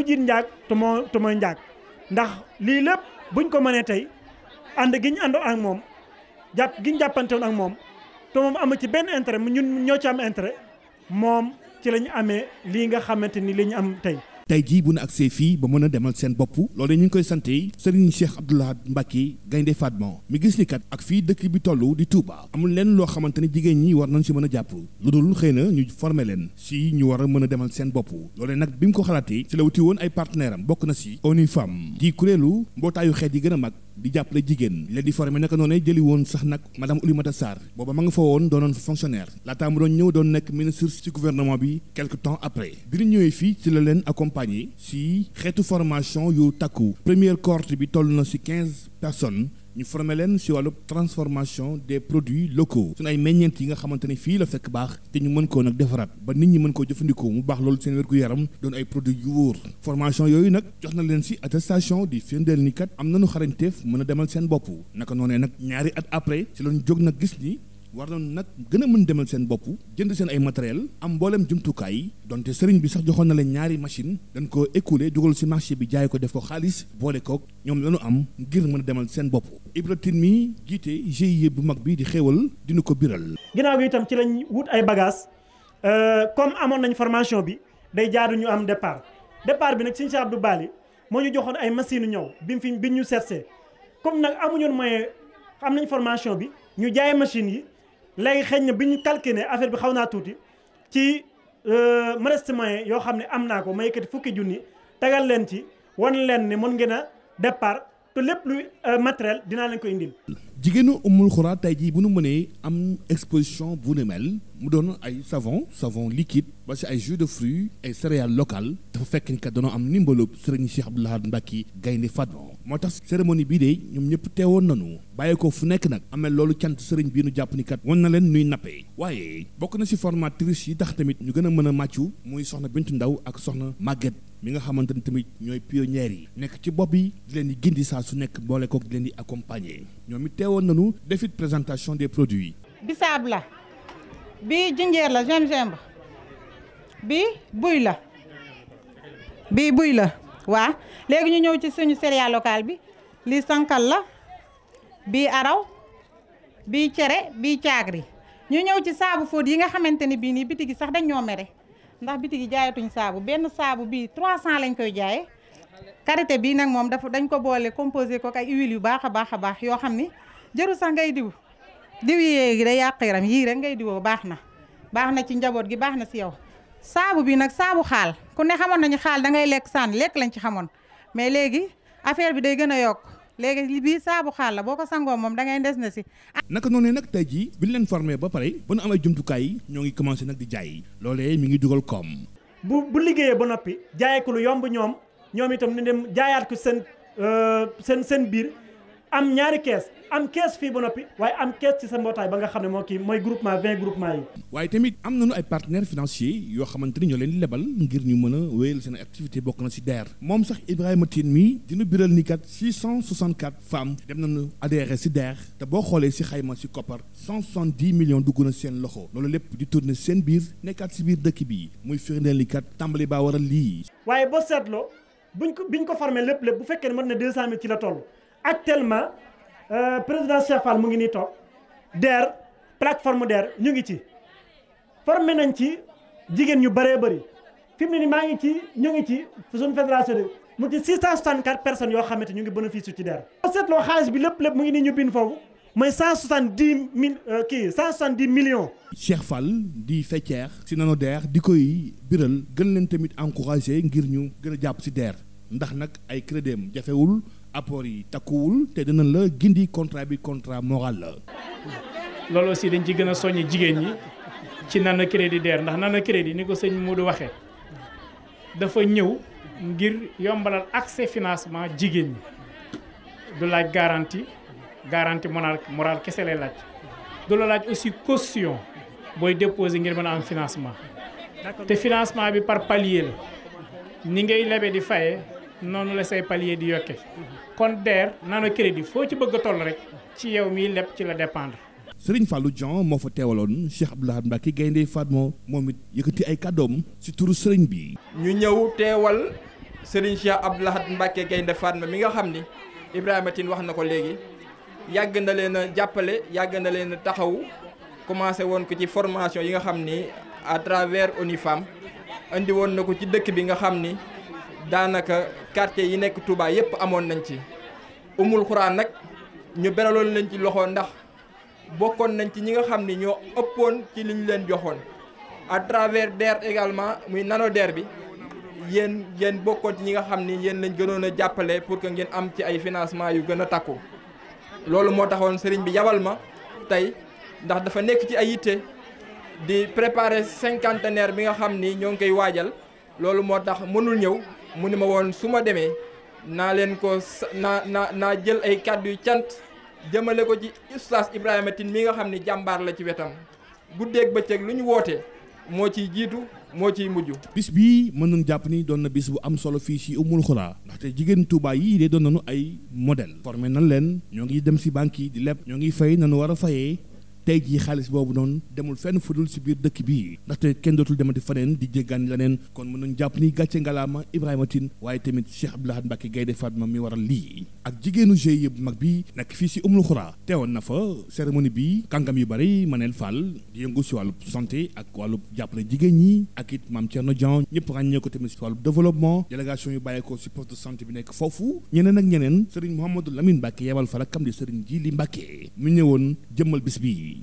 ku jiit njaag te moo njaag ndax lii lépp buñ ko mënee tey ànd gi ñu àndoon ak moom jàpp gi ñu jàppantewoon ak moom te moom amu ci benn intérêt ñun ñoo ci am intérêt moom ci lañu amee lii nga xamante ni li ñu am tey. tey jii bu nu agsee fii ba mën a demal seen bopp loolu ñu ngi koy sante Serigne Cheikh Abdoulahat Mbacké Gaynde Fatma mi gis ni kat ak fii dëkk bi toll di Touba amul leen loo xamante ni jigéen ñi war nañ si mën a jàpp lu dul xëy na ñu former leen si ñu war a mën a demal seen bopp loolee nag bi mu ko xalaatee ci la wuti woon ay partenaire bokk na si ONU Femmes di kuréelu mbootaayu xeet yi gën a mag di jàppale jigéen leen di formé nekk noonu jëli woon sax nag madame Oulimata Sarr booba ma nga fa woon doonoon fonctionnaire laataa mu doon ñëw doon nekk ministre ci gouvernement bi quelque temps après bi ñu ñëwee fii ci la leen accompagner si xeetu formation yu takku première cohorte bi toll na si quinze personnes ñu formé leen si wàllu transformation des produits locaux suñu ay meññeent yi nga xamante ne fii la fekk baax te ñu mën koo nag defaraat ba nit ñi mën koo jëfandikoo mu baax loolu seen wér-gu-yaram doon ay produits yu formation yooyu nag jox na leen si attestation di firndeel ni kat am ñu xarañteef mën a demal seen bopp naka noonee nag ñaari at après ci lañu jóg nag gis ni war nañu nag gën a mën demal seen bopp jënd seen ay matériel am mbooleem jumtukaay donte sëriñ bi sax joxoon na leen ñaari machine dañ ko écoulé dugal ci marché bi jaay ko def ko xaalis boole kook ñoom lañu am ngir mën demal seen bopp Ibra Tine mi jiite GIE bu mag bi di xéewal dina ko biral ginnaaw bi itam ci lañ wut ay bagages euh, comme amoon nañ formation bi day jaadu ñu am départ départ bi nag Sëriñ Cheikh Abdou Bali moo ñu joxoon ay machine ñëw bi fi bi ñu seetsee comme nag amuñoon moyen am nañ formation bi ñu jaay machine yi léegi xëy na bi ñu calculé affaire bi xaw naa tuuti ci euh, modeste moyen yoo xam ne am naa ko ma yëkkati fukki junni tagal leen ci wan leen ne mën ngeen a départ te lépp luy euh, matériel dinaa leen ko indil. jigéenu umul xuraa tey jii bu nu mënee am exposition bu ne mel mu doon ay savon savon liquide ba si ay jus de fruits ay céréales locales dafa fekk ni kat danoo am ndimbalu sëriñ Cheikh Abdoul Ahad Mbacké Gaynde Fatma moo tax cérémonie bii de ñoom ñëpp teewoon nañu bàyyi ko fu nekk nag amee loolu cant sëriñ bii nu jàpp ni kat wan na leen nuy nappee waaye bokk na si formatrice yi tax tamit ñu gën a mën a màccu muy soxna Bintu Ndaw ak soxna Maguette mi nga xamante ni tamit ñooy pionnières yi nekk ci bopp yi leen di gindi saa su nekk boole kook leen di accompagner woon nañu defit présentation des produits. bisaab la bi jinjeer la gingembre bi buy la bi buy la waa léegi ñu ñëw ci suñu céréale locale bi lii sankal la bi araw bi cere bii caagri ñu ñëw ci saabu fóot yi nga xamante ni bii nii yi sax dañ ñoo mere ndax bitigi jaayatuñ saabu benn saabu bii 300 lañ koy jaayee karité bii nag moom dafa dañ ko boole composé ko ak ay yu baax a baax a baax yoo xam ni jëru sax ngay diw diw yéegi day yàq yaram yii rek ngay diwoo baax na baax na ci njaboot gi baax na si yow saabu bi nag saabu xaal ku ne xamoon nañu xaal dangay lekk sànni lekk lañ ci xamoon mais léegi affaire bi day gën a yokk léegi bii saabu xaal la boo ko sangoo moom dangay des na si naka noonu nag tey jii bi ñu leen formé ba pare ba nu amee jumtukaay yi ñoo ngi commencé nag di jaay loolee mu ngi dugal koom bu bu liggéeyee ba noppi jaayee ko yomb ñoom ñoom itam ñu dem jaayaat ko seen euh, seen seen biir am ñaari kees am kees fii ba noppi waaye am kees ci sa mbootaay ba nga xam ne moo kii mooy groupement vingt groupement yi waaye tamit am nañu ay partenaires financiers yoo xamante ni ñoo leen di lebal ngir ñu mën a wéyal seen activité bokk na si DER moom sax Ibrahima Tine mi dina biral ni kat 664 femmes dem nañu adhéré si DER te boo xoolee si xayma si koppar 170 millions dugg na seen loxo loolu lépp di tourner seen biir nekkaat si biir dëkk bi muy firndeel ni kat tàmbali baa waral lii waaye boo seetloo buñ ko biñ ko formé lépp lépp bu fekkee ne mën na 200000 ci la toll actuellement euh, président Cheikh mu ngi nii toog DER plateforme DER ñu ngi ci formé nañ ci jigéen ñu baree bëri fi mu ne nii maa ngi ci ñu ngi ci suñu fédération de mu ci 664 personnes yoo xamante ñu ngi bénéfice ci DER. boo seetloo xaalis bi lépp lépp mu ngi nii ñu bind foofu mooy 170 mille euh, kii 170 millions. Cheikh Fall di fecceex si nano DER di koy biral gën leen tamit encouragé ngir ñu gën a jàpp si DER ndax nag ay crédit am jafewul. apport yi takkuwul te dinañ la gindi contrat bi contrat moral la. loolu aussi dañ ci gën a soññ jigéen ñi ci nana créditaire ndax nana crédit ni ko sëñ Modou waxee dafa ñëw ngir yombalal accès financement jigéen ñi du laaj garantie garantie moral moral kese lay laaj du la laaj aussi caution booy déposé ngir mën a am financement te financement bi par la ni ngay lebe di fayee. noonu la say palier di yokke kon na na nano crédit foo ci bëgg a toll rek ci yow mii lépp ci la dépendre. Serigne Fallou Dieng moo fa teewaloon Cheikh Abdou Lahad Mbacké Gaynde Fatma moom it yëkkati ay kàddoom ci turu Serigne bi. ñu ñëw teewal Serigne Cheikh Abdou Lahad Mbacké Gaynde Fatma mi nga xam ni Ibrahima Tine wax na ko léegi yàgg na leen a jàppale yàgg na leen a taxawu commencé woon ko ci formation yi nga xam ni à travers ONU Femmes indi woon na ko ci dëkk bi nga xam ni. daanaka quartier yi nekk tubaay yëpp amoon nañ ci umul xuraan nag ñu beraloon lañ ci loxo ndax bokkoon nañ ci ñi nga xam ni ñoo ëppoon ci li ñu leen joxoon à travers DER également muy nano DER bi yéen yéen bokkoon ci ñi nga xam ni yéen lañ gënoon a jàppale pour que ngeen am ci ay financement yu gën a takku loolu moo taxoon sëriñ bi yabal ma tey ndax dafa nekk ci ay yitte di prépare préparer cinquantenaire bi nga xam ni ñoo ngi koy waajal loolu moo tax mënul ñëw mu ne ma woon su ma demee naa leen ko naa naa naa jël ay kàddu yu cant jëmale ko ci ustaas Ibrahima Tine mi nga xam ni jàmbaar la ci wetam guddeeg bëccëg lu ñu woote moo ciy jiitu moo ciy mujj. bis bii mën nañu jàpp ni doon na bis bu am solo fii si umul xuraa ndaxte jigéen Touba yii de doon nañu ay modèle formé nan leen ñoo ngi dem si banque yi di lépp ñoo ngi fay nanu war a fayee. tey jii xaalis boobu noonu demul fenn fudul si biir dëkk bi ndaxte kenn dootul demati faneen di jéggaani leneen kon mën nañu jàpp ni gàcce ngalaama Ibrahima Tine waaye tamit Cheikh Abdou Lahad Mbacké Gaïndé Fatma mi waral lii ak jigéenu GIE bu mag bi nekk fii si Oumoul Khoura teewoon na fa cérémonie bi kàngam yu bëri Manel Fall di yëngu si wàllu santé ak wàllu jàppale jigéen ñi ak it Mame Thierno Dieng ñëpp ràññee ko tamit si wàllu développement délégation yu bàyyeekoo si poste de bi nekk foofu ñeneen ak ñeneen Serigne Mouhamadou Lamine Mbacké yebal fa rakkam di Serigne Djili Mbacké mu ñëwoon jëmmal bis bi